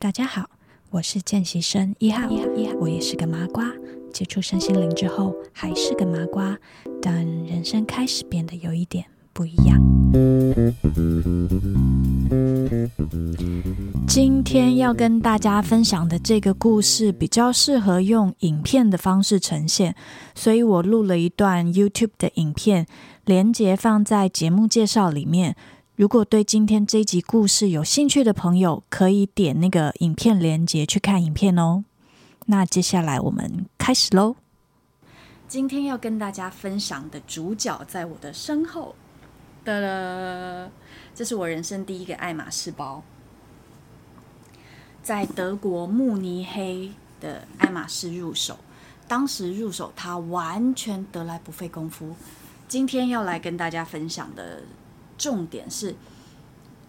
大家好，我是見習生一號，一號，一號我也是個麻瓜。接觸身心靈之後，還是個麻瓜，但人生開始變得有一點不一樣。今天要跟大家分享的這個故事，比較適合用影片的方式呈現，所以我錄了一段 YouTube 的影片，連結放在節目介紹裡面。如果對今天這一集故事有興趣的朋友，可以點那個影片連接去看影片哦。那接下來我們開始嘍。今天要跟大家分享的主角在我的身後，噠噠，這是我人生第一個愛馬仕包，在德國慕尼黑的愛馬仕入手，當時入手它完全得來不費功夫。今天要來跟大家分享的。重點是，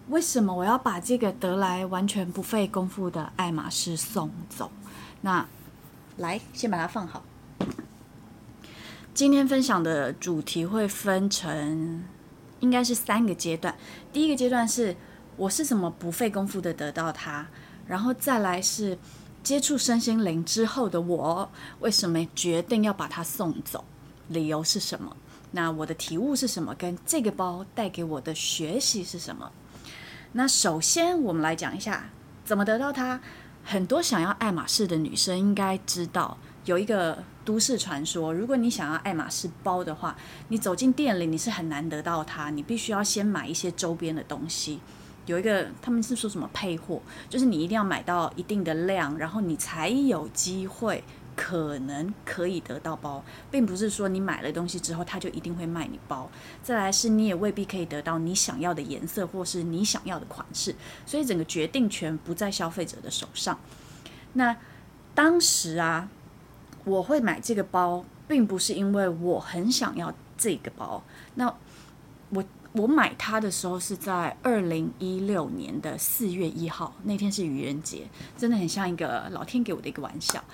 為什麼我要把這個得來完全不費功夫的愛馬仕送走？那來先把它放好。今天分享的主題會分成，應該是三個階段。第一個階段是我是怎麼不費功夫的得到它，然後再來是接觸身心靈之後的我，為什麼決定要把它送走？理由是什麼？那我的體悟是什麼？跟這個包帶給我的學習是什麼？那首先我們來講一下怎麼得到它。很多想要愛馬仕的女生應該知道，有一個都市傳說：如果你想要愛馬仕包的話，你走進店裡，你是很難得到它，你必須要先買一些周邊的東西。有一個他們是說什麼配貨，就是你一定要買到一定的量，然後你才有機會。可能可以得到包，並不是說你買了東西之後，他就一定會賣你包。再來是，你也未必可以得到你想要的顏色，或是你想要的款式。所以，整個決定權不在消費者的手上。那當時啊，我會買這個包，並不是因為我很想要這個包。那我我買它的時候是在二零一六年的四月一號，那天是愚人節，真的很像一個老天給我的一個玩笑。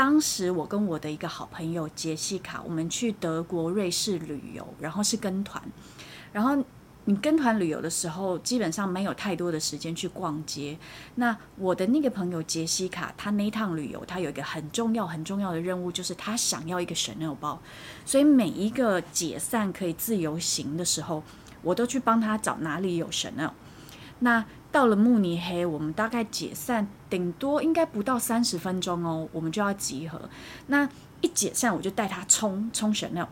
當時我跟我的一個好朋友杰西卡，我們去德國、瑞士旅遊，然後是跟團。然後你跟團旅遊的時候，基本上沒有太多的時間去逛街。那我的那個朋友杰西卡，她那一趟旅遊，她有一個很重要、很重要的任務，就是她想要一個 Chanel 包。所以每一個解散可以自由行的時候，我都去幫她找哪裡有 Chanel。那到了慕尼黑，我們大概解散，頂多應該不到三十分鐘哦，我們就要集合。那一解散，我就帶他衝衝香奈兒。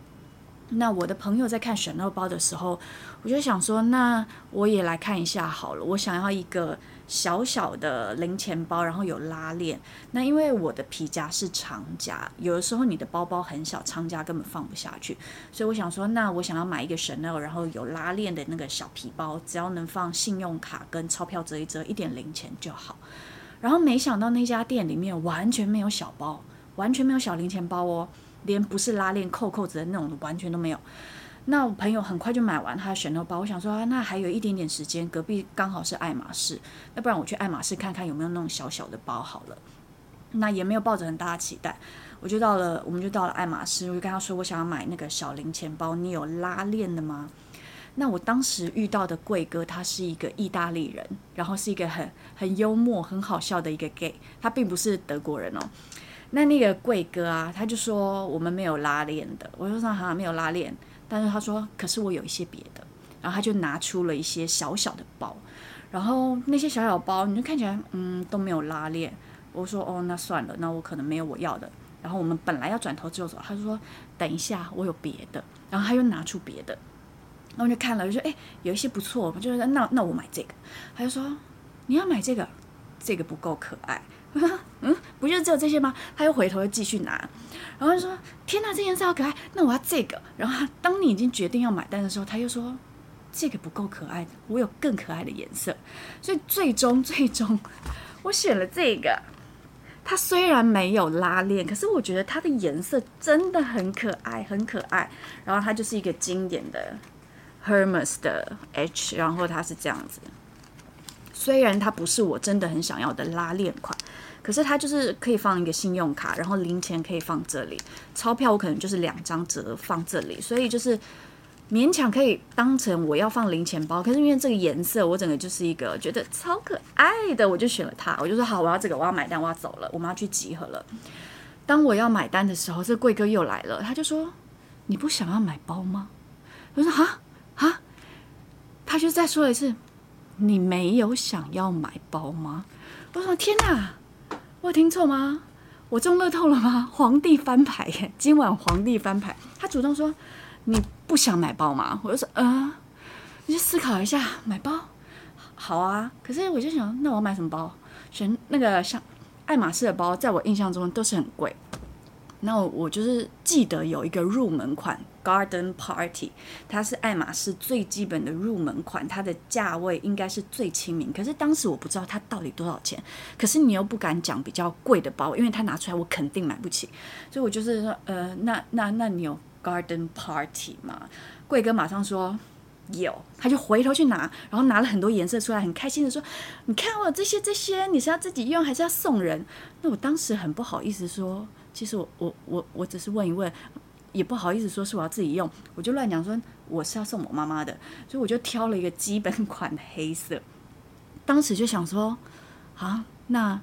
那我的朋友在看香奈兒包的時候，我就想說，那我也來看一下好了，我想要一個小小的零錢包，然後有拉鏈。那因為我的皮夾是長夾，有的時候你的包包很小，長夾根本放不下去。所以我想說，那我想要買一個 Chanel，然後有拉鏈的那個小皮包，只要能放信用卡跟鈔票折一折，一點零錢就好。然後沒想到那家店裡面完全沒有小包，完全沒有小零錢包哦，連不是拉鏈扣扣子的那種完全都沒有。那我朋友很快就買完他的選購包，我想說啊，那還有一點點時間，隔壁剛好是愛馬仕，要不然我去愛馬仕看看有沒有那種小小的包好了。那也沒有抱着很大的期待，我就到了，我們就到了愛馬仕，我就跟他說，我想要買那個小零錢包，你有拉鏈的嗎？那我當時遇到的貴哥，他是一個意大利人，然後是一個很很幽默、很好笑的一個 gay，他並不是德國人哦。那那個貴哥啊，他就說我們沒有拉鏈的，我就說好像沒有拉鏈。但是他說，可是我有一些別的，然後他就拿出了一些小小的包，然後那些小小包你就看起來，嗯，都沒有拉鏈。我說，哦，那算了，那我可能沒有我要的。然後我們本來要轉頭就走，他就說，等一下，我有別的。然後他又拿出別的，然後我就看了，就說，哎，有一些不錯，我就說那那我買這個。他就說，你要買這個，這個不夠可愛。 嗯，不就是只有這些嗎？他又回頭又繼續拿，然後說：“天哪，這顏色好可愛，那我要這個。”然後他當你已經決定要買單的時候，他又說：“這個不夠可愛，我有更可愛的顏色。”所以最終最終，我選了這個。它雖然沒有拉鏈，可是我覺得它的顏色真的很可愛，很可愛。然後它就是一個經典的 Hermes 的 H，然後它是這樣子。雖然它不是我真的很想要的拉鏈款。可是它就是可以放一個信用卡，然後零錢可以放這裡，鈔票我可能就是兩張折放這裡，所以就是勉強可以當成我要放零錢包。可是因為這個顏色，我整個就是一個覺得超可愛的，我就選了它。我就說好，我要這個，我要買單，我要走了，我們要去集合了。當我要買單的時候，這櫃哥又來了，他就說，你不想要買包嗎？我說哈哈，他就再說一次，你沒有想要買包嗎？我說天哪！我有聽錯嗎？我中樂透了嗎？皇帝翻牌耶！今晚皇帝翻牌，他主動說：“你不想買包嗎？”我就說：“啊、呃，你去思考一下買包。”好啊，可是我就想，那我買什麼包？選那個像愛馬仕的包，在我印象中都是很貴。那我，我就是記得有一個入門款。Garden Party，它是愛馬仕最基本的入門款，它的價位應該是最親民。可是當時我不知道它到底多少錢，可是你又不敢講比較貴的包，因為它拿出來我肯定買不起。所以我就是說，呃，那那那你有 Garden Party 嗎？貴哥馬上說有，他就回頭去拿，然後拿了很多顏色出來，很開心地說：“你看我有這些這些，你是要自己用還是要送人？”那我當時很不好意思說，其實我我我我只是問一問。也不好意思說，是我要自己用，我就亂講說我是要送我媽媽的，所以我就挑了一個基本款的黑色。當時就想說啊，那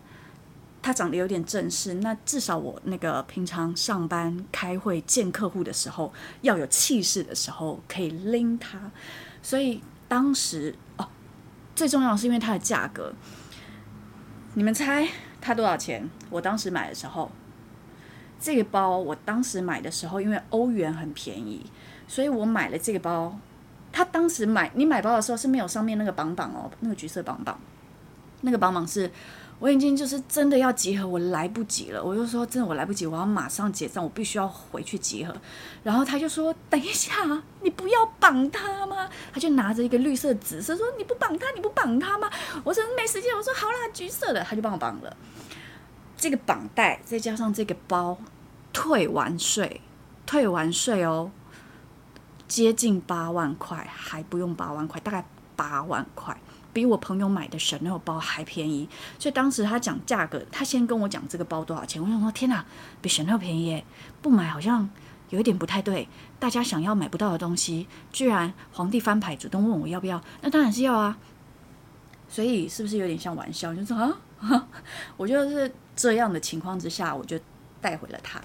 它長得有點正式，那至少我那個平常上班、開會、見客戶的時候要有氣勢的時候可以拎它。所以當時哦、啊，最重要是因為它的價格，你們猜它多少錢？我當時買的時候。這個包我當時買的時候，因為歐元很便宜，所以我買了這個包。他當時買，你買包的時候是沒有上面那個綁綁哦，那個橘色綁綁，那個綁綁是，我已經就是真的要集合，我來不及了，我就說真的我來不及，我要馬上結賬，我必須要回去集合。然後他就說等一下，你不要綁他嗎？他就拿着一個綠色紫色說你不綁他，你不綁他嗎？我說沒時間，我說好啦，橘色的，他就幫我綁了。這個綁帶再加上這個包。退完稅，退完稅哦，接近八萬塊，還不用八萬塊，大概八萬塊，比我朋友買的 Chanel 包還便宜。所以當時他講價格，他先跟我講這個包多少錢，我想說天哪，比 Chanel 便宜耶，不買好像有一點不太對。大家想要買不到的東西，居然皇帝翻牌主動問我要不要，那當然是要啊。所以是不是有點像玩笑？就說、是、啊， 我就是這樣的情況之下，我就。帶回了它，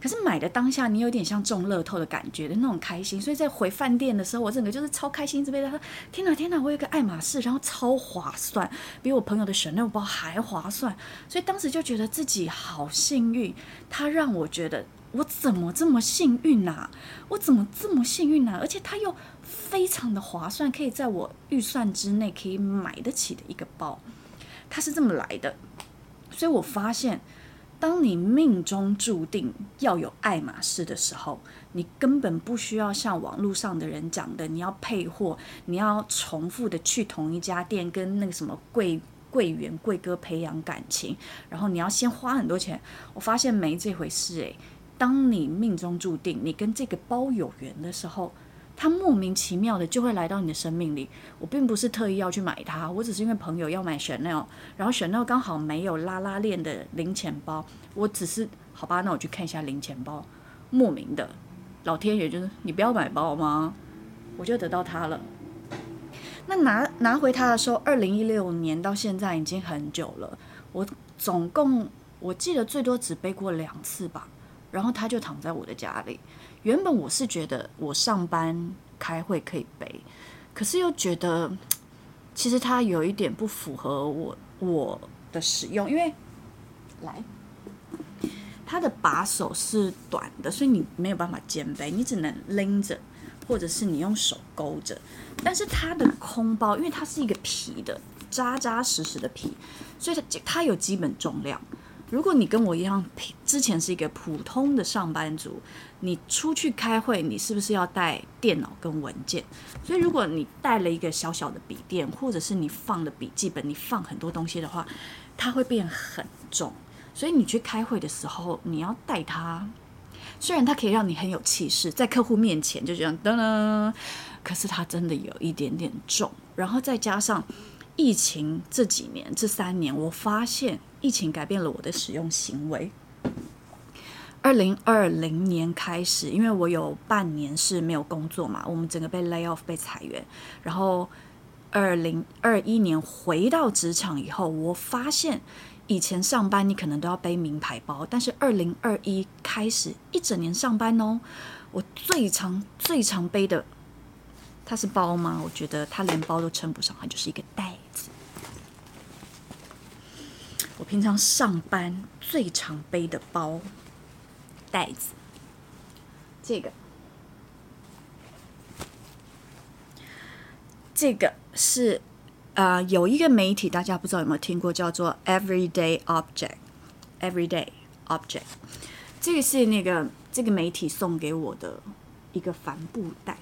可是買的當下，你有點像中樂透的感覺的那種開心，所以在回飯店的時候，我整個就是超開心，這邊他說：“天哪，天哪，我有個愛馬仕，然後超划算，比我朋友的選料包還划算。”所以當時就覺得自己好幸運，他讓我覺得我怎麼這麼幸運啊？我怎麼這麼幸運呢、啊？而且他又非常的划算，可以在我預算之內可以買得起的一個包，它是這麼來的，所以我發現。當你命中注定要有愛馬仕的時候，你根本不需要像網絡上的人講的，你要配貨，你要重複的去同一家店跟那個什麼櫃櫃員、櫃哥培養感情，然後你要先花很多錢。我發現沒這回事誒、欸。當你命中注定你跟這個包有緣的時候。它莫名其妙的就會來到你的生命裡。我並不是特意要去買它，我只是因為朋友要買 Chanel，然後 Chanel 剛好沒有拉拉鏈的零錢包，我只是好吧，那我去看一下零錢包。莫名的，老天爺就是你不要買包嗎？我就得到它了。那拿，拿回它的時候，二零一六年到現在已經很久了。我總共我記得最多只背過兩次吧。然後他就躺在我的家裡。原本我是覺得我上班開會可以背，可是又覺得其實它有一點不符合我，我的使用，因為來，它的把手是短的，所以你沒有辦法肩背，你只能拎着或者是你用手勾着。但是它的空包，因為它是一個皮的，扎扎實實的皮，所以它它有基本重量。如果你跟我一樣，之前是一個普通的上班族，你出去開會，你是不是要帶電腦跟文件？所以如果你帶了一個小小的筆電，或者是你放的筆記本，你放很多東西的話，它會變很重。所以你去開會的時候，你要帶它。雖然它可以讓你很有氣勢，在客戶面前就這樣噔噔，可是它真的有一點點重。然後再加上疫情這幾年，這三年，我發現。疫情改變了我的使用行為。二零二零年開始，因為我有半年是沒有工作嘛，我們整個被 lay off 被裁員。然後二零二一年回到職場以後，我發現以前上班你可能都要背名牌包，但是二零二一開始一整年上班哦，我最常最常背的，它是包嗎？我覺得它連包都稱不上，它就是一個袋。我平常上班最常背的包、袋子，這個，這個是啊、呃，有一個媒體，大家不知道有沒有聽過，叫做 Everyday Object, Everyday Object。Everyday Object，這個是那個這個媒體送給我的一個帆布袋。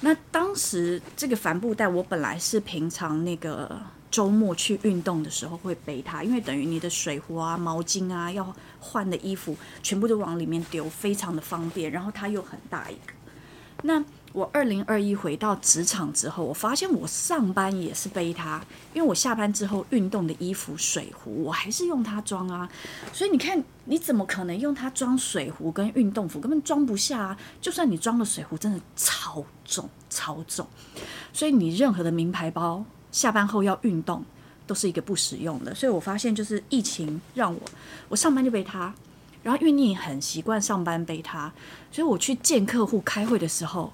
那當時這個帆布袋，我本來是平常那個。週末去運動的時候會背它，因為等於你的水壺啊、毛巾啊、要換的衣服全部都往裡面丟，非常的方便。然後它又很大一個。那我二零二一回到職場之後，我發現我上班也是背它，因為我下班之後運動的衣服、水壺，我還是用它裝啊。所以你看，你怎麼可能用它裝水壺跟運動服？根本裝不下啊！就算你裝了水壺，真的超重，超重。所以你任何的名牌包。下班後要運動，都是一個不實用的。所以我發現，就是疫情讓我我上班就背它，然後因為你很習慣上班背它，所以我去見客戶、開會的時候，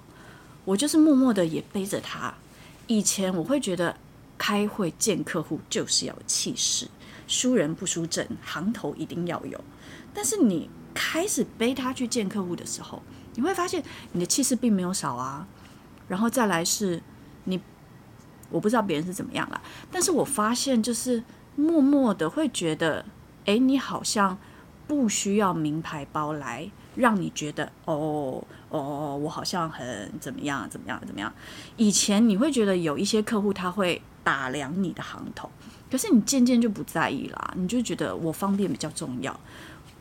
我就是默默的也背着它。以前我會覺得開會見客戶就是要有氣勢，輸人不輸陣，行頭一定要有。但是你開始背它去見客戶的時候，你會發現你的氣勢並沒有少啊。然後再來是你。我不知道別人是怎麼樣啦，但是我發現就是默默的會覺得，哎、欸，你好像不需要名牌包來讓你覺得，哦哦，我好像很怎麼樣怎麼樣怎麼樣。以前你會覺得有一些客戶他會打量你的行頭，可是你漸漸就不在意啦，你就覺得我方便比較重要，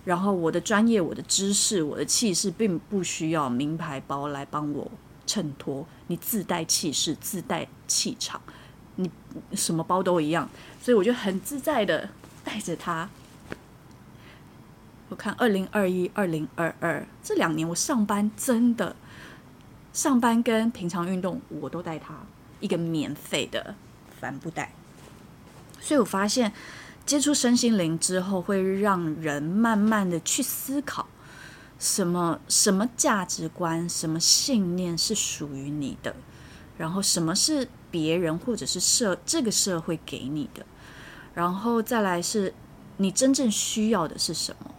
然後我的專業、我的知識、我的氣勢，並不需要名牌包來幫我。襯托你自帶氣勢、自帶氣場，你什麼包都一樣，所以我就很自在的帶着它。我看二零二一、二零二二這兩年，我上班真的上班跟平常運動我都帶它一個免費的帆布袋，所以我發現接觸身心靈之後，會讓人慢慢的去思考。什麼什麼價值觀，什麼信念是屬於你的？然後什麼是別人或者是社這個社會給你的？然後再來是你真正需要的是什麼？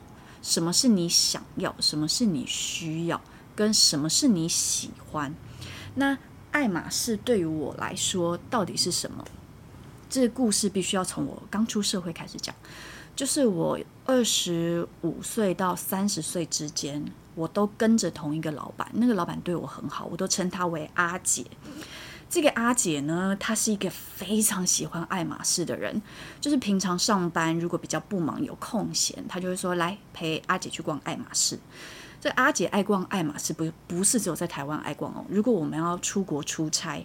什麼是你想要？什麼是你需要？跟什麼是你喜歡？那愛馬仕對於我來說到底是什麼？這個故事必須要從我剛出社會開始講。就是我二十五歲到三十歲之間，我都跟着同一個老闆，那個老闆對我很好，我都稱他為阿姐。這個阿姐呢，她是一個非常喜歡愛馬仕的人，就是平常上班如果比較不忙有空閒，她就會說來陪阿姐去逛愛馬仕。這阿姐愛逛愛馬仕，不不是只有在台灣愛逛哦。如果我們要出國出差。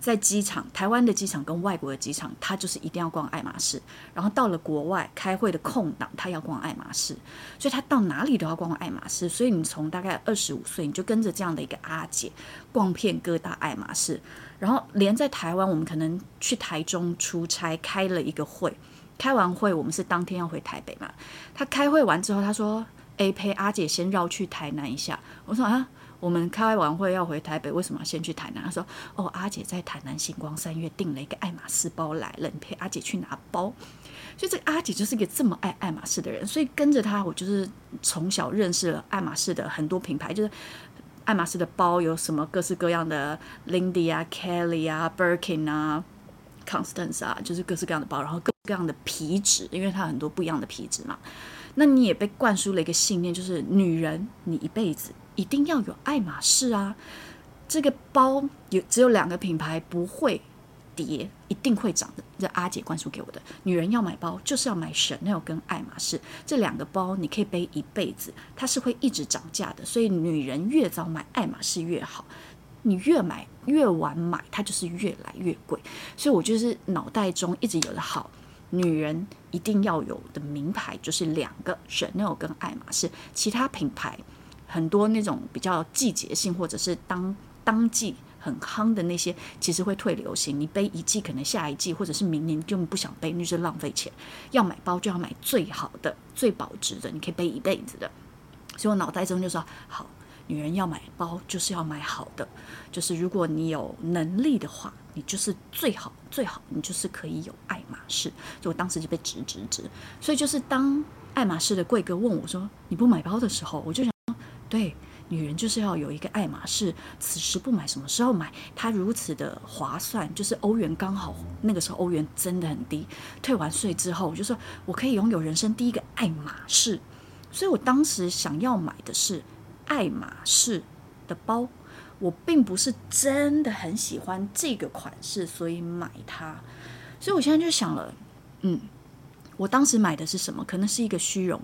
在機場，台灣的機場跟外國的機場，他就是一定要逛愛馬仕。然後到了國外開會的空檔，他要逛愛馬仕，所以他到哪裡都要逛愛馬仕。所以你從大概二十五歲，你就跟着這樣的一個阿姐逛遍各大愛馬仕。然後連在台灣，我們可能去台中出差開了一個會，開完會我們是當天要回台北嘛。他開會完之後，他說：“A、欸、陪阿姐先繞去台南一下。”我說：“啊。”我們開完會要回台北，為什麼要先去台南？她說：“哦，阿姐在台南新光三越訂了一個愛馬仕包來了，你陪阿姐去拿包。”所以這個阿姐就是一個這麼愛愛馬仕的人，所以跟着她，我就是從小認識了愛馬仕的很多品牌，就是愛馬仕的包有什麼各式各樣的 Lindy 啊、Kelly 啊、Birkin 啊、Constance 啊，就是各式各樣的包，然後各式各樣的皮質，因為它有很多不一樣的皮質嘛。那你也被灌輸了一個信念，就是女人你一輩子。一定要有愛馬仕啊！這個包有只有兩個品牌不會跌，一定會漲的。這阿姐灌輸給我的女人要買包就是要買 Chanel 跟愛馬仕這兩個包，你可以背一輩子，它是會一直漲價的。所以女人越早買愛馬仕越好，你越買越晚買它就是越來越貴。所以我就是腦袋中一直有的好女人一定要有的名牌就是兩個 Chanel 跟愛馬仕，其他品牌。很多那種比較季節性或者是當當季很夯的那些，其實會退流行。你背一季，可能下一季或者是明年就不想背，那是浪費錢。要買包就要買最好的、最保值的，你可以背一輩子的。所以我腦袋中就說：好，女人要買包就是要買好的。就是如果你有能力的話，你就是最好最好，你就是可以有愛馬仕。所以我當時就被直直直。所以就是當愛馬仕的貴哥問我說：“你不買包的時候”，我就想。對，女人就是要有一個愛馬仕。此時不買，什麼時候買？它如此的划算，就是歐元剛好那個時候，歐元真的很低。退完稅之後，我就說我可以擁有人生第一個愛馬仕。所以我當時想要買的是愛馬仕的包，我並不是真的很喜歡這個款式，所以買它。所以我現在就想了，嗯，我當時買的是什麼？可能是一個虛榮，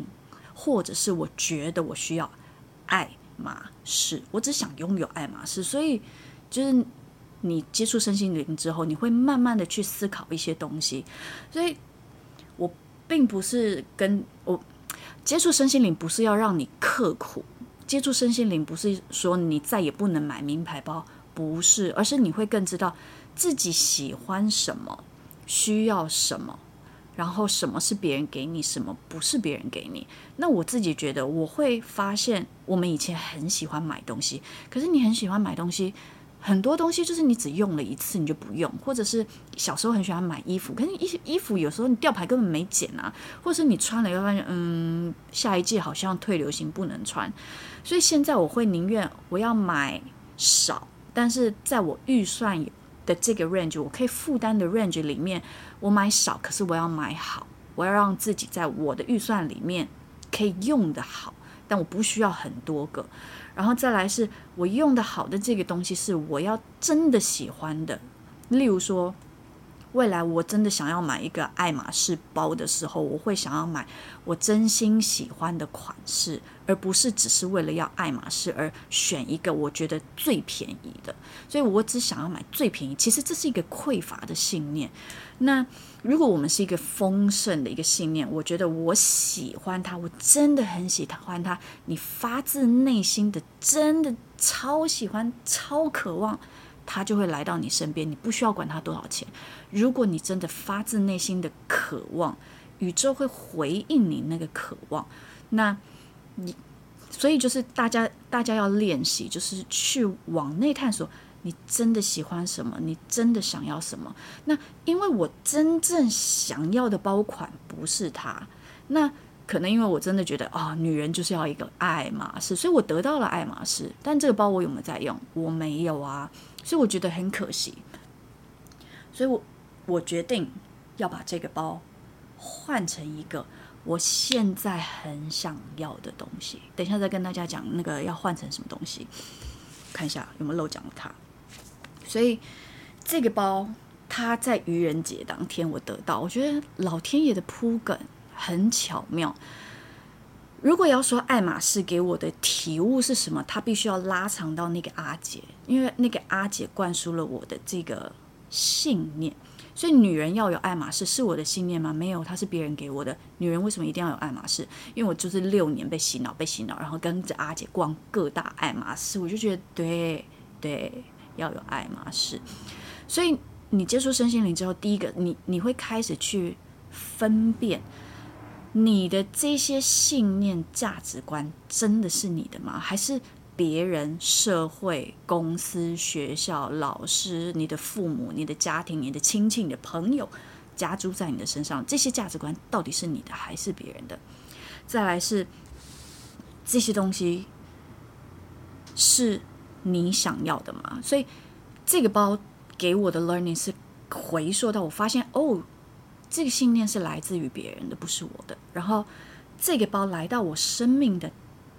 或者是我覺得我需要。愛馬仕，我只想擁有愛馬仕，所以就是你接觸身心靈之後，你會慢慢的去思考一些東西，所以我並不是跟我接觸身心靈，不是要讓你刻苦，接觸身心靈不是說你再也不能買名牌包，不是，而是你會更知道自己喜歡什麼，需要什麼。然後什麼是別人給你，什麼不是別人給你？那我自己覺得，我會發現我們以前很喜歡買東西，可是你很喜歡買東西，很多東西就是你只用了一次你就不用，或者是小時候很喜歡買衣服，可是衣衣服有時候你吊牌根本沒剪啊，或者是你穿了又發現，嗯，下一季好像退流行不能穿，所以現在我會寧願我要買少，但是在我預算的這個 range 我可以負擔的 range 裡面，我買少，可是我要買好，我要讓自己在我的預算裡面可以用得好，但我不需要很多個。然後再來是我用得好的這個東西是我要真的喜歡的，例如說，未來我真的想要買一個愛馬仕包的時候，我會想要買我真心喜歡的款式。而不是只是為了要愛馬仕而選一個我覺得最便宜的，所以我只想要買最便宜。其實這是一個匱乏的信念。那如果我們是一個豐盛的一個信念，我覺得我喜歡它，我真的很喜歡它，你發自內心的真的超喜歡、超渴望，它就會來到你身邊。你不需要管它多少錢。如果你真的發自內心的渴望，宇宙會回應你那個渴望。那你。所以就是大家，大家要練習，就是去往內探索，你真的喜歡什麼？你真的想要什麼？那因為我真正想要的包款不是它，那可能因為我真的覺得，啊、哦，女人就是要一個愛馬仕，所以我得到了愛馬仕，但這個包我有沒有在用？我沒有啊，所以我覺得很可惜，所以我我決定要把這個包換成一個。我現在很想要的東西，等一下再跟大家講那個要換成什麼東西。看一下有沒有漏講了它。所以這個包，它在愚人節當天我得到，我覺得老天爺的鋪梗很巧妙。如果要說愛馬仕給我的體悟是什麼，它必須要拉長到那個阿姐，因為那個阿姐灌輸了我的這個信念。所以女人要有愛馬仕是我的信念嗎？沒有，它是別人給我的。女人為什麼一定要有愛馬仕？因為我就是六年被洗腦，被洗腦，然後跟着阿姐逛各大愛馬仕，我就覺得對對，要有愛馬仕。所以你接觸身心靈之後，第一個，你你會開始去分辨你的這些信念價值觀真的是你的嗎？還是？別人、社會、公司、學校、老師、你的父母、你的家庭、你的親戚、你的朋友，加諸在你的身上，這些價值觀到底是你的還是別人的？再來是這些東西是你想要的嗎？所以這個包給我的 learning 是回溯到我發現哦，這個信念是來自於別人的，不是我的。然後這個包來到我生命的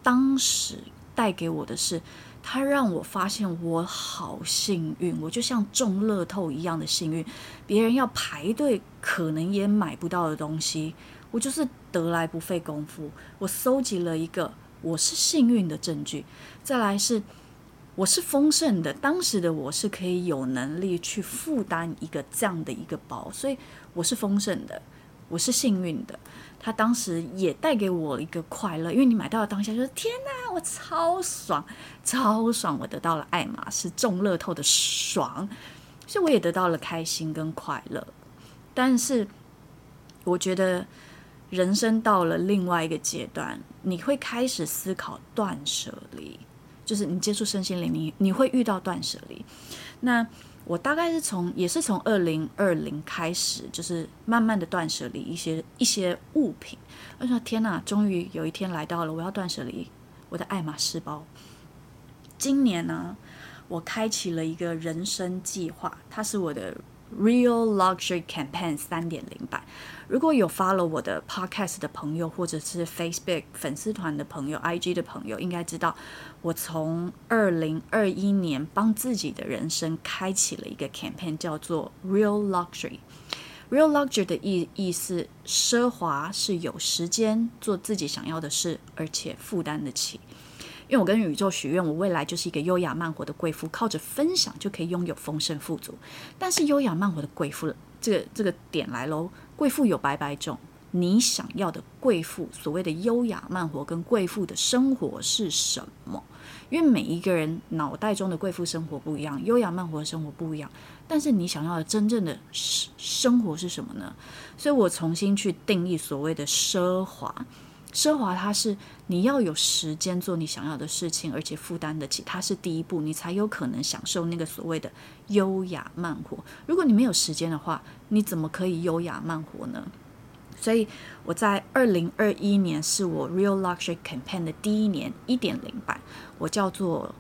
當時。帶給我的是，他，讓我發現我好幸運，我就像中樂透一樣的幸運。別人要排隊可能也買不到的東西，我就是得來不費功夫。我蒐集了一個我是幸運的證據。再來是，我是豐盛的，當時的我是可以有能力去負擔一個這樣的一個包，所以我是豐盛的。我是幸運的，他當時也帶給我一個快樂，因為你買到了當下就說：天哪、啊，我超爽，超爽，我得到了愛馬仕中樂透的爽，所以我也得到了開心跟快樂。但是，我覺得人生到了另外一個階段，你會開始思考斷捨離，就是你接觸身心靈，你你會遇到斷捨離，那，我大概是從也是從二零二零開始，就是慢慢的斷捨離一些一些物品。我說天哪，終於有一天來到了，我要斷捨離我的愛馬仕包。今年呢，我開啟了一個人生計劃，它是我的 Real Luxury Campaign 三點零版。如果有 follow 我的 podcast 的朋友，或者是 Facebook 粉絲團的朋友、IG 的朋友，應該知道我從二零二一年幫自己的人生開啟了一個 campaign，叫做 Real Luxury。Real Luxury 的意意思，奢華是有時間做自己想要的事，而且負擔得起。因為我跟宇宙許願，我未來就是一個優雅慢活的貴婦，靠着分享就可以擁有豐盛富足。但是優雅慢活的貴婦，這個這個點來嘍。貴婦有百百種，你想要的貴婦所謂的優雅慢活跟貴婦的生活是什麼？因為每一個人腦袋中的貴婦生活不一樣，優雅慢活的生活不一樣。但是你想要的真正的生活是什麼呢？所以我重新去定義所謂的奢華。奢華，它是你要有時間做你想要的事情，而且負擔得起，它是第一步，你才有可能享受那個所謂的優雅慢活。如果你沒有時間的話，你怎麼可以優雅慢活呢？所以我在二零二一年是我 Real Luxury Campaign 的第一年一點零版，我叫做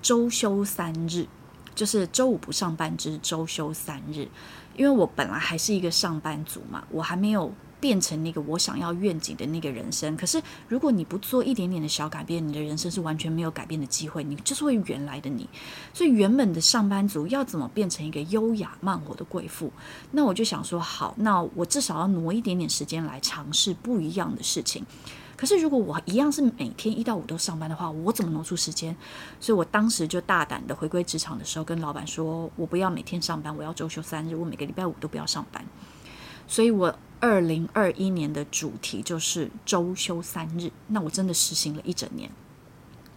周休三日，就是周五不上班之，只是周休三日。因為我本來還是一個上班族嘛，我還沒有。變成那個我想要願景的那個人生，可是如果你不做一點點的小改變，你的人生是完全沒有改變的機會，你就是會原來的你。所以原本的上班族要怎麼變成一個優雅慢活的貴婦？那我就想說，好，那我至少要挪一點點時間來嘗試不一樣的事情。可是如果我一樣是每天一到五都上班的話，我怎麼挪出時間？所以我當時就大膽的回歸職場的時候，跟老闆說我不要每天上班，我要周休三日，我每個禮拜五都不要上班。所以我。二零二一年的主題就是周休三日，那我真的實行了一整年。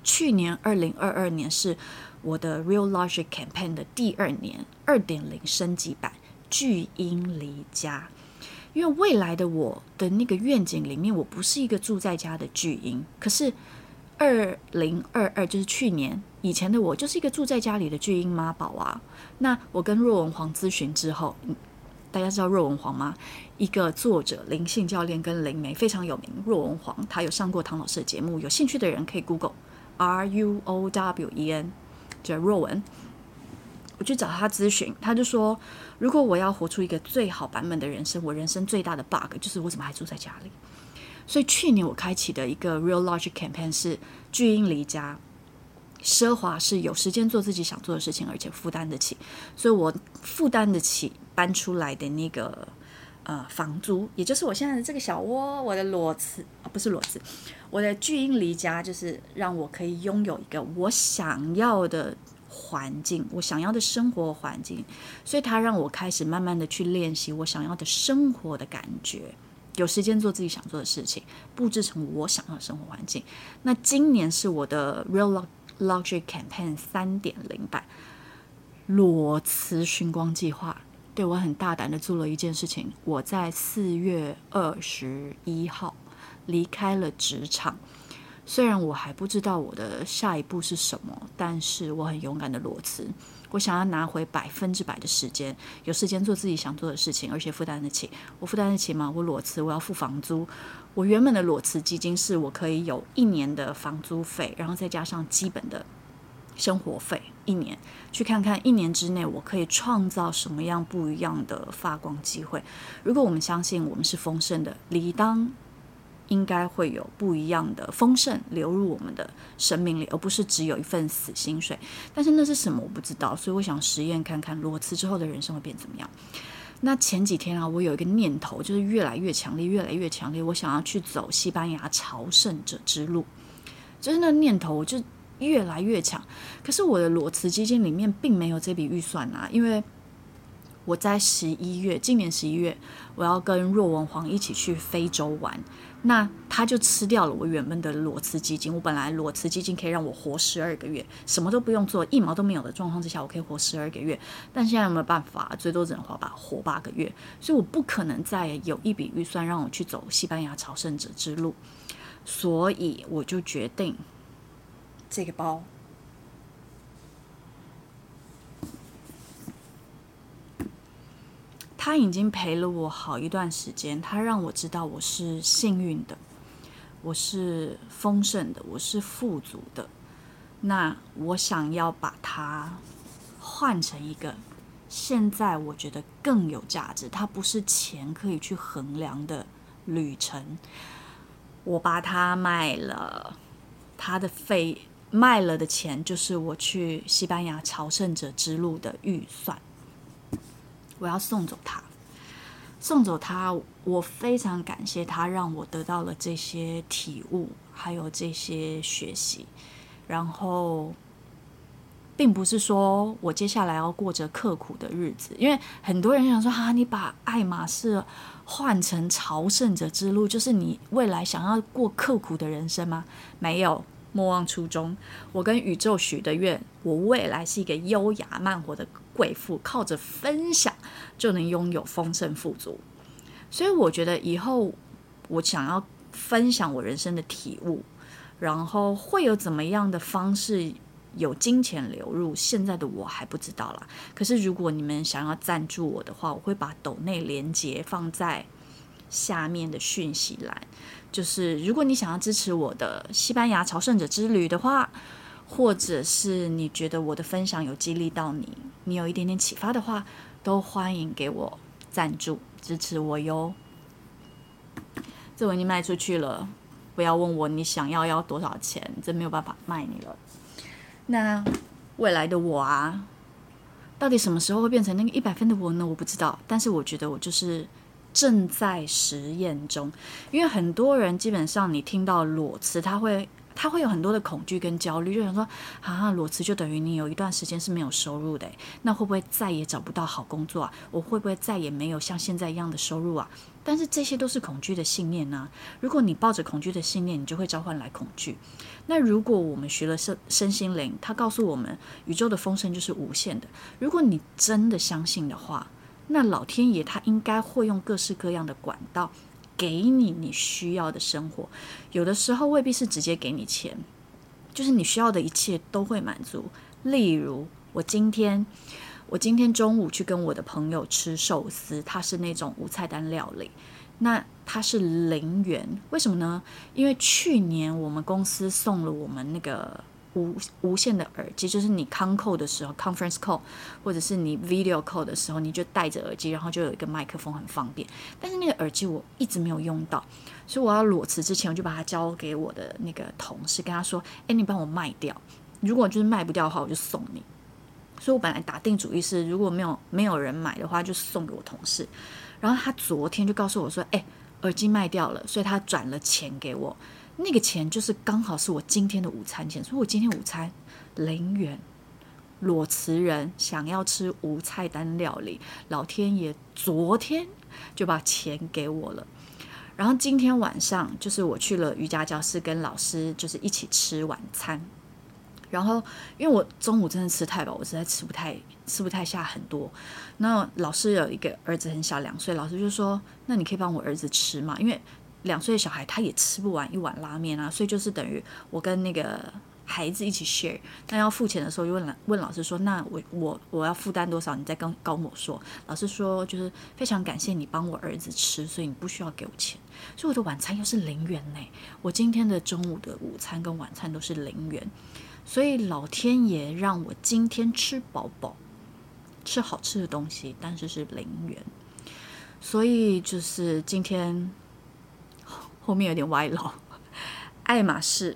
去年二零二二年是我的 Real Logic Campaign 的第二年，二點零升級版，巨嬰離家，因為未來的我的那個願景裡面，我不是一個住在家的巨嬰，可是二零二二就是去年，以前的我就是一個住在家裡的巨嬰媽寶啊。那我跟若文黃諮詢之後。大家知道若文黃嗎？一個作者、靈性教練跟靈媒，非常有名。若文黃，他有上過唐老師的節目。有興趣的人可以 Google R U O W E N，叫若文。我去找他諮詢，他就說：“如果我要活出一個最好版本的人生，我人生最大的 bug 就是我怎麼還住在家裡？”所以去年我開啟的一個 Real Large Campaign 是巨嬰離家，奢華是有時間做自己想做的事情，而且負擔得起。所以我負擔得起。搬出來的那個呃房租，也就是我現在的這個小窩，我的裸辭，哦，不是裸辭，我的巨嬰離家，就是讓我可以擁有一個我想要的環境，我想要的生活環境。所以它讓我開始慢慢的去練習我想要的生活的感覺，有時間做自己想做的事情，布置成我想要的生活環境。那今年是我的 Real Logic Campaign 三點零版裸辭尋光計劃。對，我很大膽的做了一件事情，我在四月二十一號離開了職場。雖然我還不知道我的下一步是什麼，但是我很勇敢的裸辭。我想要拿回百分之百的時間，有時間做自己想做的事情，而且負擔得起。我負擔得起嗎？我裸辭，我要付房租。我原本的裸辭基金是我可以有一年的房租費，然後再加上基本的生活費。一年去看看，一年之內我可以創造什麼樣不一樣的發光機會。如果我們相信我們是豐盛的，理當應該會有不一樣的豐盛流入我們的生命裡，而不是只有一份死薪水。但是那是什麼我不知道，所以我想實驗看看，裸辭之後的人生會變怎麼樣。那前幾天啊，我有一個念頭，就是越來越強烈，越來越強烈，我想要去走西班牙朝聖者之路。就是那念頭，我就。越來越強，可是我的裸辭基金裡面並沒有這筆預算啊，因為我在十一月，今年十一月我要跟若文黃一起去非洲玩，那他就吃掉了我原本的裸辭基金。我本來裸辭基金可以讓我活十二個月，什麼都不用做，一毛都沒有的狀況之下，我可以活十二個月，但現在有沒有辦法？最多只能活八活八個月，所以我不可能再有一筆預算讓我去走西班牙朝聖者之路，所以我就決定。這個包，他已經陪了我好一段時間。他讓我知道我是幸運的，我是豐盛的，我是富足的。那我想要把它換成一個，現在我覺得更有價值，它不是錢可以去衡量的旅程。我把它賣了，它的費。賣了的錢就是我去西班牙朝聖者之路的預算。我要送走他，送走他。我非常感謝他，讓我得到了這些體悟，還有這些學習。然後，並不是說我接下來要過着刻苦的日子，因為很多人想說：“啊，你把愛馬仕換成朝聖者之路，就是你未來想要過刻苦的人生嗎？”沒有。莫忘初衷。我跟宇宙許的願，我未來是一個優雅慢活的貴婦，靠着分享就能擁有豐盛富足。所以我覺得以後我想要分享我人生的體悟，然後會有怎麼樣的方式有金錢流入，現在的我還不知道啦。可是如果你們想要贊助我的話，我會把斗內連接放在。下面的訊息欄，就是如果你想要支持我的西班牙朝聖者之旅的話，或者是你覺得我的分享有激勵到你，你有一點點啟發的話，都歡迎給我贊助支持我喲。這我已經賣出去了，不要問我你想要要多少錢，這沒有辦法賣你了。那未來的我啊，到底什麼時候會變成那個一百分的我呢？我不知道，但是我覺得我就是。正在實驗中，因為很多人基本上你聽到裸辭，他會他會有很多的恐懼跟焦慮，就想說啊，裸辭就等於你有一段時間是沒有收入的，那會不會再也找不到好工作啊？我會不會再也沒有像現在一樣的收入啊？但是這些都是恐懼的信念呢、啊。如果你抱着恐懼的信念，你就會召喚來恐懼。那如果我們學了身身心靈，他告訴我們宇宙的豐盛就是無限的。如果你真的相信的話。那老天爺他應該會用各式各樣的管道，給你你需要的生活，有的時候未必是直接給你錢，就是你需要的一切都會滿足。例如我今天，我今天中午去跟我的朋友吃壽司，它是那種無菜單料理，那它是零元，為什麼呢？因為去年我們公司送了我們那個。無無線的耳機，就是你康扣的時候，conference call，或者是你 video call 的時候，你就戴着耳機，然後就有一個麥克風，很方便。但是那個耳機我一直沒有用到，所以我要裸辭之前，我就把它交給我的那個同事，跟他說：“誒、欸，你幫我賣掉，如果就是賣不掉的話，我就送你。”所以，我本來打定主意是，如果沒有沒有人買的話，就送給我同事。然後他昨天就告訴我說：“誒、欸，耳機賣掉了，所以他轉了錢給我。”那個錢就是剛好是我今天的午餐錢，所以我今天午餐零元，裸辭人想要吃無菜單料理，老天爺昨天就把錢給我了。然後今天晚上就是我去了瑜伽教室，跟老師就是一起吃晚餐。然後因為我中午真的吃太飽，我實在吃不太吃不太下很多。那老師有一個兒子很小兩歲，老師就說：“那你可以幫我兒子吃嘛？”因為兩歲的小孩他也吃不完一碗拉麵啊，所以就是等於我跟那個孩子一起 share。但要付錢的時候就問，又問問老師說：“那我我我要負擔多少？”你再跟高某說。老師說：“就是非常感謝你幫我兒子吃，所以你不需要給我錢。”所以我的晚餐又是零元呢、欸。我今天的中午的午餐跟晚餐都是零元，所以老天爺讓我今天吃飽飽，吃好吃的東西，但是是零元。所以就是今天。後面有點歪樓，愛馬仕，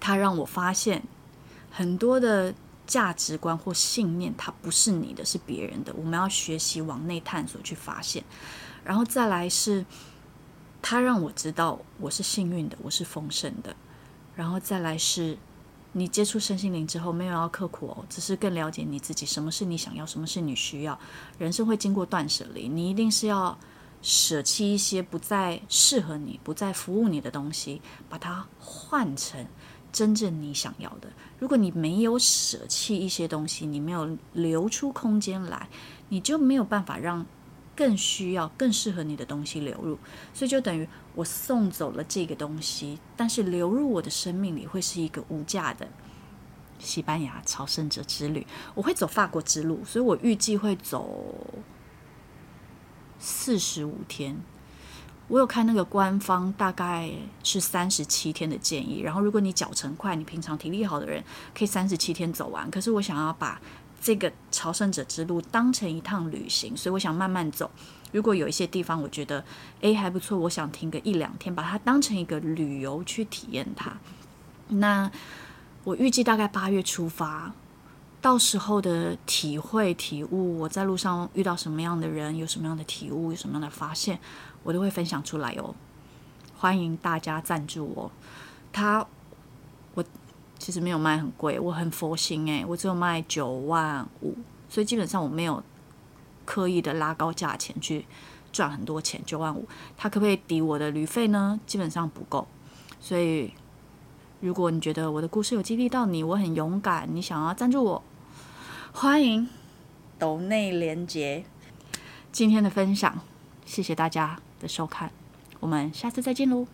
他讓我發現很多的價值觀或信念，它不是你的，是別人的。我們要學習往內探索去發現，然後再來是，他讓我知道我是幸運的，我是豐盛的。然後再來是你接觸身心靈之後，沒有要刻苦哦，只是更了解你自己，什麼是你想要，什麼是你需要。人生會經過斷舍離，你一定是要。捨棄一些不再適合你、不再服務你的東西，把它換成真正你想要的。如果你沒有捨棄一些東西，你沒有留出空間來，你就沒有辦法讓更需要、更適合你的東西流入。所以就等於我送走了這個東西，但是流入我的生命裡會是一個無價的西班牙朝聖者之旅。我會走法國之路，所以我預計會走，四十五天，我有看那個官方，大概是三十七天的建議。然後，如果你腳程快，你平常體力好的人，可以三十七天走完。可是，我想要把這個朝聖者之路當成一趟旅行，所以我想慢慢走。如果有一些地方我覺得誒還不錯，我想停個一兩天，把它當成一個旅遊去體驗它。那我預計大概八月出發。到時候的體會體悟，我在路上遇到什麼樣的人，有什麼樣的體悟，有什麼樣的發現，我都會分享出來哦。歡迎大家贊助我。他我其實沒有賣很貴，我很佛心誒，我只有賣九萬五，所以基本上我沒有刻意的拉高價錢去賺很多錢。九萬五，他可不可以抵我的旅費呢？基本上不夠。所以，如果你覺得我的故事有激勵到你，我很勇敢，你想要贊助我。歡迎斗內連結，今天的分享，謝謝大家的收看，我們下次再見嘍。